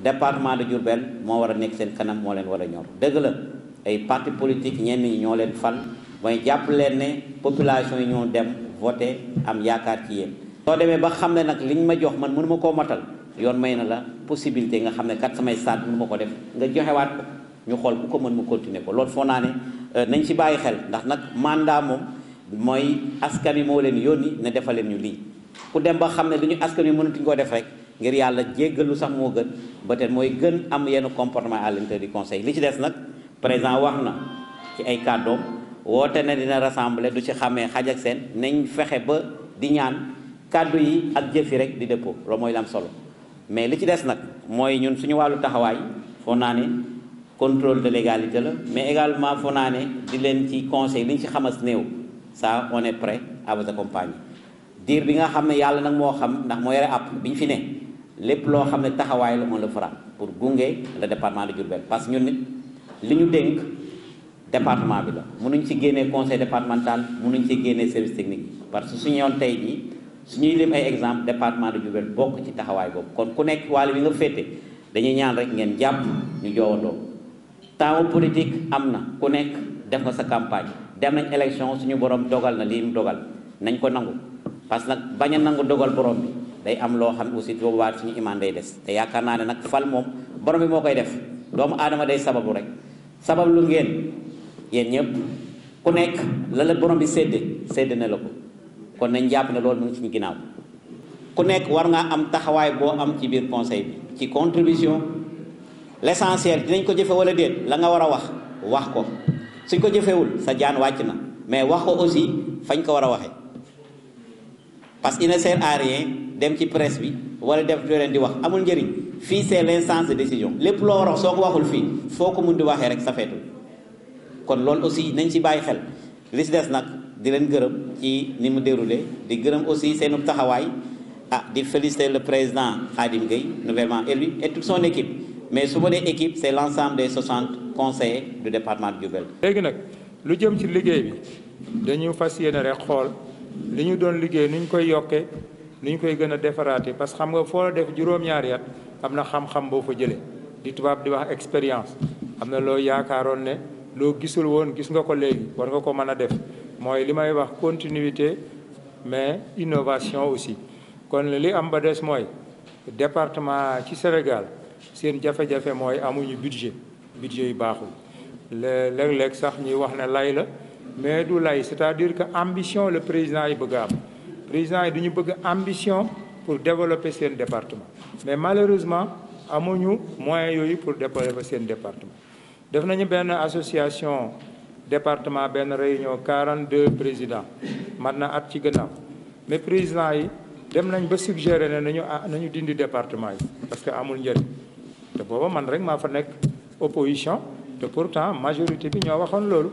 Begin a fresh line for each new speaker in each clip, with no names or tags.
département de Diourbel moo war a nekk seen kanam moo leen war a ñor dëgg la ay parti politique ñenn ñi ñoo leen fan mooy jàpp leen ne population yi ñoo dem voté am yaakaar ci yéen. soo demee ba xam ne nag li ñu ma jox man mënu koo matal yoon may na la possibilité nga xam ne kat samay saat mënu ma ko def nga joxewaat ko ñu xool ku ko mën mu continuer ko lool foo naa ne euh, nañ si bàyyi xel ndax nag mandat moom mooy askan wi moo leen yoon yónni ne defal leen ñu lii ku dem ba xam ne li ñu askan wi mënatuñ koo def rek. ngir yàlla jéggalu sax moo gën ba tey mooy gën am yenn comportement à l'intérieur du conseil li ci des nag président wax na ci ay kàddoom woote na dina rassembler du ci xàmmee xaj ak seen nañ fexe ba di ñaan kàddu yi ak jëf rek di dëppoo loolu mooy lam solo mais li ci des nag mooy ñun suñu wàllu taxawaay foo naa ne contrôle de légalité la mais également foo naa ne di leen ci conseil li ñu ci xamas néew ça on est prêt à vous diir bi nga xam ne yàlla nag moo xam ndax moo lépp loo xam ne taxawaay la moom la fara pour gunge le département de Diourbel parce que ñun nit li ñu dénk département bi la mënuñ ci génnee conseil mun mënuñ ci génnee service technique yi parce que suñu yoon tey jii suñuy lim ay exemple département de Diourbel bokk ci taxawaay boobu kon ku nekk wàll bi nga féete dañuy ñaan rek ngeen jàpp ñu joowandoo temps politique am na ku nekk def nga sa campagne dem nañ élection suñu borom dogal na lii mu dogal nañ ko nangu parce que nag bañ nangu dogal borom bi day am loo xam aussi boobu waat suñu imaan day des te yaakaar naa ne nag fal moom borom bi moo koy def doomu aadama day sababu rek sabab lu ngeen yéen ñëpp ku nekk la borom bi sédde sédde na la ko kon nañ jàpp ne loolu mu ngi suñu ginnaaw ku nekk war ngaa am taxawaay boo am ci biir conseil bi ci contribution l'essentiel dinañ ko jëfe wala déet la nga war a wax wax ko suñ ko jëfewul sa jaan wàcc na mais wax ko aussi fañ ko war a waxee parce que il dem ci presse bi wala def lu di wax amul njëriñ fii c'est l'instance de décision lépp loo war soo ko waxul fii foo ko mun di waxee rek safeetul kon loolu aussi nañ ci bàyyi xel li ci des nag di leen gërëm ci ni mu déroulé di gërëm aussi seenu taxawaay ah di féliciter le président Khadim Gueye nouvellement élu et toute son équipe mais su ma dee équipe c'est l'ensemble des 60 conseillers du département de Diourbel.
léegi nag lu jëm ci liggéey bi dañu fas yéene ni ñu koy nu ñu koy gën a defaraate parce que xam nga foo def juróom-ñaari at am na xam-xam boo fa jëlee di tubaab di wax expérience am na loo yaakaaroon ne loo gisul woon gis nga ko léegi war nga ko mën a def mooy li may wax continuité mais innovation aussi kon li am ba des mooy département ci Sénégal seen jafe-jafe mooy amuñu budget budget yu baaxul léeg-léeg sax ñuy wax ne lay la mais du lay c'est-à-dire que ambition la président yi bëgg a am président yi ñu bëgg ambition pour développer seen département mais malheureusement ñu moyens yooyu pour développer seen département def nañu benn association département benn réunion 42 président man na at ci gannaaw mais président yi dem nañ ba suggérer ne nañu ah, nañu dindi département yi parce que amul njëriñ te booba man rek maa fa nekk opposition te pourtant majorité bi ñoo waxoon loolu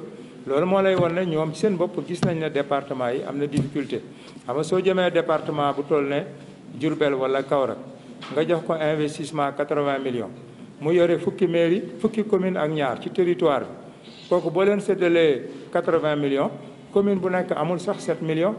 loolu moo lay wan ne ñoom seen bopp gis nañ ne département yi am na difficulté xam nga soo jëmee département bu toll ne Diourbel wala Kaolack nga jox ko investissement vingt million mu yore fukki mairie fukki commune ak ñaar ci territoire kooku boo leen séddalee 80 million commune bu nekk amul sax 7 millions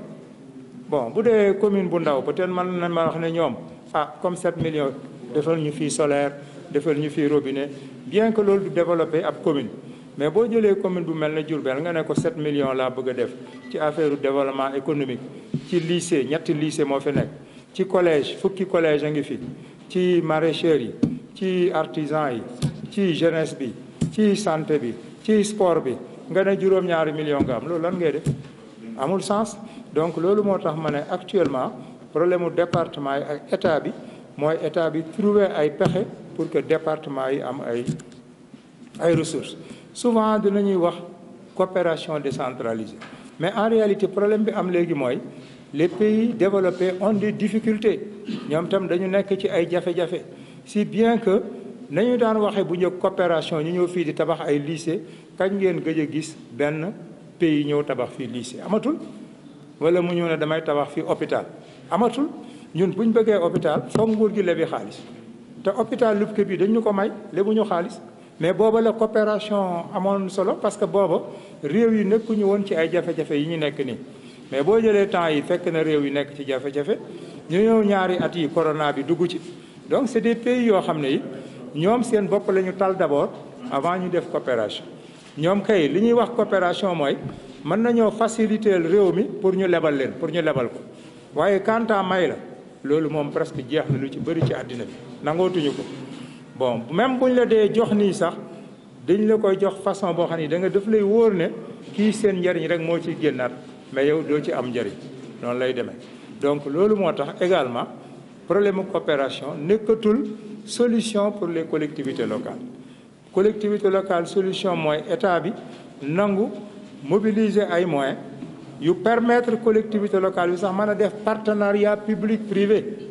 bon bu dee commune bu ndaw peut-être man na ma wax ne ñoom ah comme 7 millions defal ñu fii solaire defal ñu fii robine bien que loolu du développé commune mais boo jëlee commune bu mel ne Diourbel nga ne ko 7 millions laa bëgg a def ci affaire développement économique ci lycée ñetti lycée moo fi nekk ci collège fukki collège a ngi fi ci maraîchers yi ci artisan yi ci jeunesse bi ci santé bi ci sport bi nga ne juróom-ñaari millions nga am loolu lan ngay def amul sens donc loolu moo tax ma ne actuellement problème mu département yi ak état bi mooy état bi trouver ay pexe pour que département yi am ay ay ressources souvent dina ñuy wax coopération décentralisée mais en réalité problème bi am léegi mooy les pays développés ont des difficultés ñoom tam dañu nekk ci ay jafe-jafe si bien que nañu daan waxee bu ñëw coopération ñu ñëw fii di tabax ay lycée kañ ngeen gëj gis benn pays ñëw tabax fii lycée amatul wala mu ñëw ne damay tabax fii hôpital amatul ñun buñ bëggee hôpital foog nguur gi lebi xaalis te hôpital Lubke bi dañu ko may lebuñu xaalis mais boobale la amoon solo parce que booba réew yi nekkuñu woon ci ay jafe-jafe yi ñu nekk nii mais boo jëlee temps yi fekk na réew yi nekk ci jafe-jafe ñu ñëw ñaari at yi corona bi dugg ci donc c'est des pays yoo xam ne yi ñoom seen bopp la ñu tal d'abord avant ñu def coopération ñoom kay li ñuy wax coopération mooy mën nañoo faciliter réew mi pour ñu lebal leen pour ñu lebal ko waaye kanta may la loolu moom presque jeex na lu ci bëri ci àddina bi nangootuñu ko bon même ñu la dee jox nii sax dañ la koy jox façon boo xam ne da nga daf lay wóor ne kii seen njariñ rek moo ci génnaat mais yow doo ci am njariñ noonu lay demee donc loolu moo tax également problème coopération nekkatul solution pour les collectivités locales collectivité locale solution mooy état bi nangu mobiliser ay moyens yu permettre collectivité locale bi sax mën a def partenariat public privé